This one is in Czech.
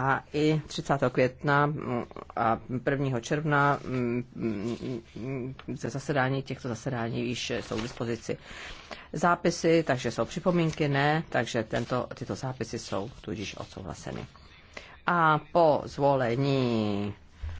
a i 30. května a 1. června mm, ze zasedání těchto zasedání již jsou k dispozici zápisy, takže jsou připomínky, ne, takže tento, tyto zápisy jsou tudíž odsouhlaseny. A po zvolení